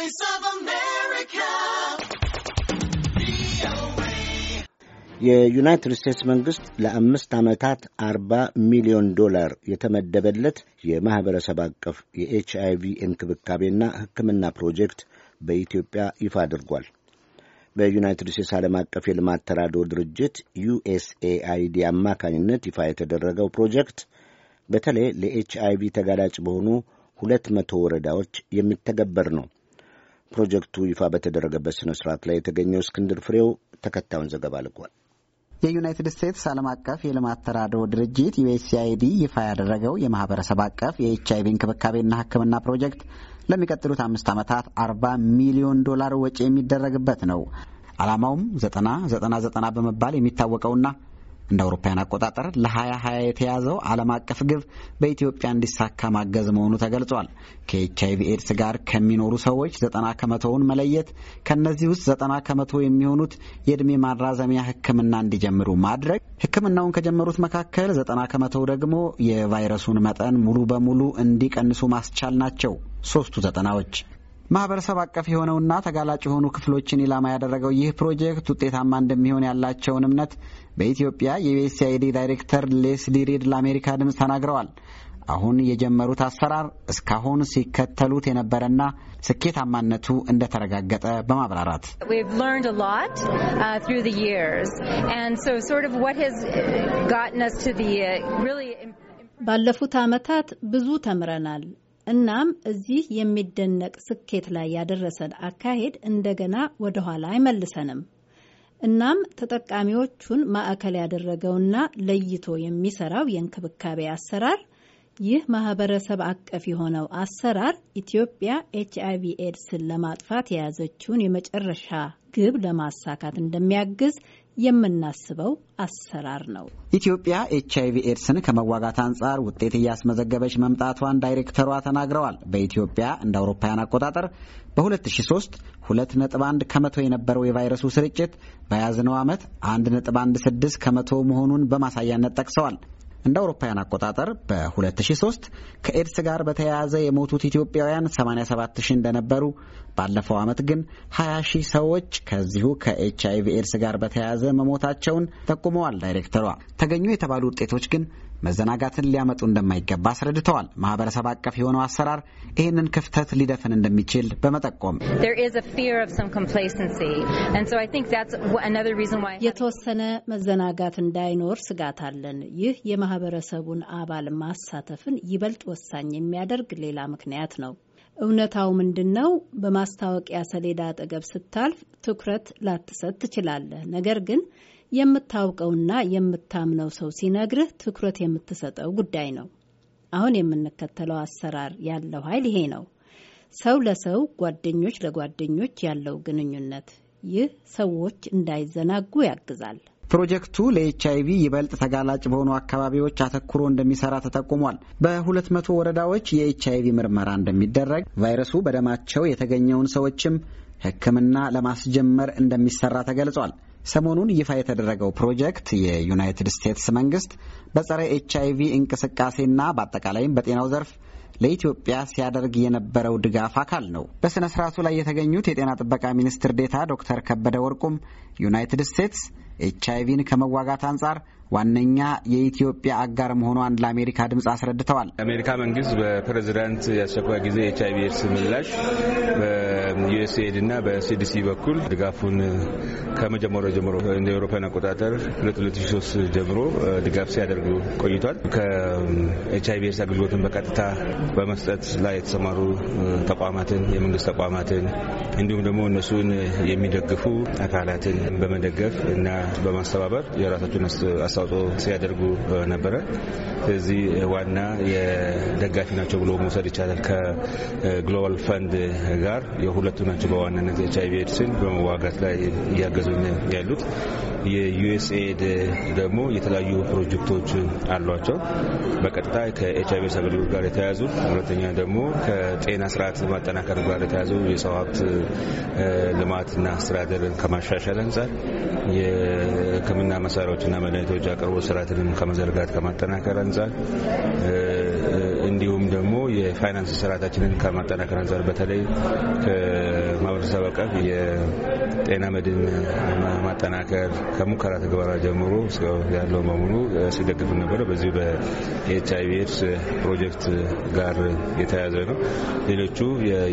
Voice of America. የዩናይትድ ስቴትስ መንግስት ለአምስት ዓመታት አርባ ሚሊዮን ዶላር የተመደበለት የማኅበረሰብ አቀፍ የኤች አይ ቪ እንክብካቤና ሕክምና ፕሮጀክት በኢትዮጵያ ይፋ አድርጓል። በዩናይትድ ስቴትስ ዓለም አቀፍ የልማት ተራድኦ ድርጅት ዩኤስኤአይዲ አማካኝነት ይፋ የተደረገው ፕሮጀክት በተለይ ለኤች አይ ቪ ተጋላጭ በሆኑ ሁለት መቶ ወረዳዎች የሚተገበር ነው። ፕሮጀክቱ ይፋ በተደረገበት ስነ ስርዓት ላይ የተገኘው እስክንድር ፍሬው ተከታዩን ዘገባ ልኳል። የዩናይትድ ስቴትስ ዓለም አቀፍ የልማት ተራድኦ ድርጅት ዩኤስአይዲ ይፋ ያደረገው የማህበረሰብ አቀፍ የኤች አይቪ እንክብካቤና ሕክምና ፕሮጀክት ለሚቀጥሉት አምስት ዓመታት አርባ ሚሊዮን ዶላር ወጪ የሚደረግበት ነው። ዓላማውም ዘጠና ዘጠና ዘጠና በመባል የሚታወቀውና እንደ አውሮፓውያን አቆጣጠር ለ2020 የተያዘው ዓለም አቀፍ ግብ በኢትዮጵያ እንዲሳካ ማገዝ መሆኑ ተገልጿል። ከኤች አይቪ ኤድስ ጋር ከሚኖሩ ሰዎች ዘጠና ከመቶውን መለየት፣ ከእነዚህ ውስጥ ዘጠና ከመቶ የሚሆኑት የእድሜ ማራዘሚያ ሕክምና እንዲጀምሩ ማድረግ፣ ሕክምናውን ከጀመሩት መካከል ዘጠና ከመቶው ደግሞ የቫይረሱን መጠን ሙሉ በሙሉ እንዲቀንሱ ማስቻል ናቸው ሶስቱ ዘጠናዎች። ማህበረሰብ አቀፍ የሆነውና ተጋላጭ የሆኑ ክፍሎችን ኢላማ ያደረገው ይህ ፕሮጀክት ውጤታማ እንደሚሆን ያላቸውን እምነት በኢትዮጵያ የዩኤስአይዲ ዳይሬክተር ሌስሊ ሪድ ለአሜሪካ ድምፅ ተናግረዋል። አሁን የጀመሩት አሰራር እስካሁን ሲከተሉት የነበረና ስኬታማነቱ እንደተረጋገጠ በማብራራት ባለፉት ዓመታት ብዙ ተምረናል። እናም እዚህ የሚደነቅ ስኬት ላይ ያደረሰን አካሄድ እንደገና ወደኋላ አይመልሰንም። እናም ተጠቃሚዎቹን ማዕከል ያደረገውና ለይቶ የሚሰራው የእንክብካቤ አሰራር ይህ ማህበረሰብ አቀፍ የሆነው አሰራር ኢትዮጵያ ኤች ኤድስን ለማጥፋት የያዘችውን የመጨረሻ ግብ ለማሳካት እንደሚያግዝ የምናስበው አሰራር ነው። ኢትዮጵያ ኤች አይቪ ኤድስን ከመዋጋት አንጻር ውጤት እያስመዘገበች መምጣቷን ዳይሬክተሯ ተናግረዋል። በኢትዮጵያ እንደ አውሮፓውያን አቆጣጠር በ2003 2.1 ከመቶ የነበረው የቫይረሱ ስርጭት በያዝነው ዓመት 1.16 ከመቶ መሆኑን በማሳያነት ጠቅሰዋል። እንደ አውሮፓውያን አቆጣጠር በ2003 ከኤድስ ጋር በተያያዘ የሞቱት ኢትዮጵያውያን 87 ሺህ እንደነበሩ ባለፈው ዓመት ግን 20 ሺህ ሰዎች ከዚሁ ከኤች አይቪ ኤድስ ጋር በተያያዘ መሞታቸውን ጠቁመዋል ዳይሬክተሯ። ተገኙ የተባሉ ውጤቶች ግን መዘናጋትን ሊያመጡ እንደማይገባ አስረድተዋል። ማህበረሰብ አቀፍ የሆነው አሰራር ይህንን ክፍተት ሊደፍን እንደሚችል በመጠቆም የተወሰነ መዘናጋት እንዳይኖር ስጋት አለን። ይህ የማህበረሰቡን አባል ማሳተፍን ይበልጥ ወሳኝ የሚያደርግ ሌላ ምክንያት ነው። እውነታው ምንድን ነው? በማስታወቂያ ሰሌዳ አጠገብ ስታልፍ ትኩረት ላትሰጥ ትችላለህ። ነገር ግን የምታውቀውና የምታምነው ሰው ሲነግርህ ትኩረት የምትሰጠው ጉዳይ ነው። አሁን የምንከተለው አሰራር ያለው ኃይል ይሄ ነው። ሰው ለሰው ጓደኞች ለጓደኞች ያለው ግንኙነት ይህ ሰዎች እንዳይዘናጉ ያግዛል። ፕሮጀክቱ ለኤች ይበልጥ ተጋላጭ በሆኑ አካባቢዎች አተኩሮ እንደሚሰራ ተጠቁሟል። በሁለት መቶ ወረዳዎች የኤች አይቪ ምርመራ እንደሚደረግ፣ ቫይረሱ በደማቸው የተገኘውን ሰዎችም ሕክምና ለማስጀመር እንደሚሰራ ተገልጿል። ሰሞኑን ይፋ የተደረገው ፕሮጀክት የዩናይትድ ስቴትስ መንግስት በጸረ ኤች አይ ቪ እንቅስቃሴና በአጠቃላይም በጤናው ዘርፍ ለኢትዮጵያ ሲያደርግ የነበረው ድጋፍ አካል ነው። በሥነ ሥርዓቱ ላይ የተገኙት የጤና ጥበቃ ሚኒስትር ዴታ ዶክተር ከበደ ወርቁም ዩናይትድ ስቴትስ ኤች አይቪን ከመዋጋት አንጻር ዋነኛ የኢትዮጵያ አጋር መሆኗን ለአሜሪካ ድምፅ አስረድተዋል። የአሜሪካ መንግስት በፕሬዚዳንት የአስቸኳይ ጊዜ ኤች አይቪ ኤድስ ምላሽ በዩኤስኤድ እና በሲዲሲ በኩል ድጋፉን ከመጀመሪያው ጀምሮ እንደ ኤውሮፓውያን አቆጣጠር 2003 ጀምሮ ድጋፍ ሲያደርጉ ቆይቷል። ከኤች አይቪ ኤድስ አገልግሎትን በቀጥታ በመስጠት ላይ የተሰማሩ ተቋማትን፣ የመንግስት ተቋማትን እንዲሁም ደግሞ እነሱን የሚደግፉ አካላትን በመደገፍ እና በማስተባበር የራሳቸውን አስተዋጽኦ ሲያደርጉ ነበረ። እዚህ ዋና የደጋፊ ናቸው ብሎ መውሰድ ይቻላል። ከግሎባል ፈንድ ጋር የሁለቱ ናቸው በዋናነት ኤች አይቪ ኤድስን በመዋጋት ላይ እያገዙ ያሉት። የዩኤስኤድ ደግሞ የተለያዩ ፕሮጀክቶች አሏቸው በቀጥታ ከኤች አይቪ አገልግሎት ጋር የተያዙ ሁለተኛ ደግሞ ከጤና ስርዓት ማጠናከር ጋር የተያዙ የሰው ሀብት ልማትና አስተዳደርን ከማሻሻል አንጻር የህክምና መሳሪያዎችና መድኃኒቶች አቅርቦት ስርዓትንም ከመዘርጋት ከማጠናከር አንጻር እንዲሁም ደግሞ የፋይናንስ ስርዓታችንን ከማጠናከር አንጻር በተለይ ከማህበረሰብ አቀፍ የጤና መድን ማጠናከር ከሙከራ ተግባራ ጀምሮ ያለው በሙሉ ሲደግፍ ነበረ። በዚሁ በኤች አይቪ ኤድስ ፕሮጀክት ጋር የተያያዘ ነው። ሌሎቹ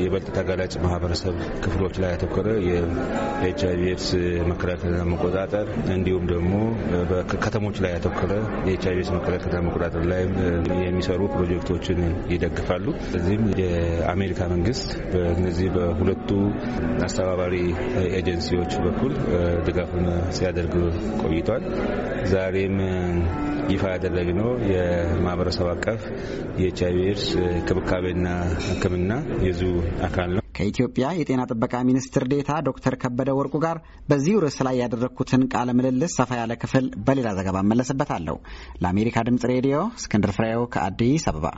የበልጥ ተጋላጭ ማህበረሰብ ክፍሎች ላይ ያተኮረ የኤች አይቪ ኤድስ መከላከልና መቆጣጠር እንዲሁም ደግሞ በከተሞች ላይ ያተኮረ የኤች አይቪ ኤድስ መከላከልና መቆጣጠር ላይ የሚሰሩ ፕሮጀክቶችን ይደግፋሉ። እዚህም የአሜሪካ መንግስት በእነዚህ በሁለቱ አስተባባሪ ኤጀንሲዎች በኩል ድጋፉን ሲያደርግ ቆይቷል። ዛሬም ይፋ ያደረግነው የማህበረሰብ አቀፍ የኤች አይቪ ኤድስ ክብካቤና ሕክምና የዙ አካል ነው። ከኢትዮጵያ የጤና ጥበቃ ሚኒስትር ዴታ ዶክተር ከበደ ወርቁ ጋር በዚሁ ርዕስ ላይ ያደረግኩትን ቃለ ምልልስ ሰፋ ያለ ክፍል በሌላ ዘገባ እመለስበታለሁ። ለአሜሪካ ድምጽ ሬዲዮ እስክንድር ፍሬው ከአዲስ አበባ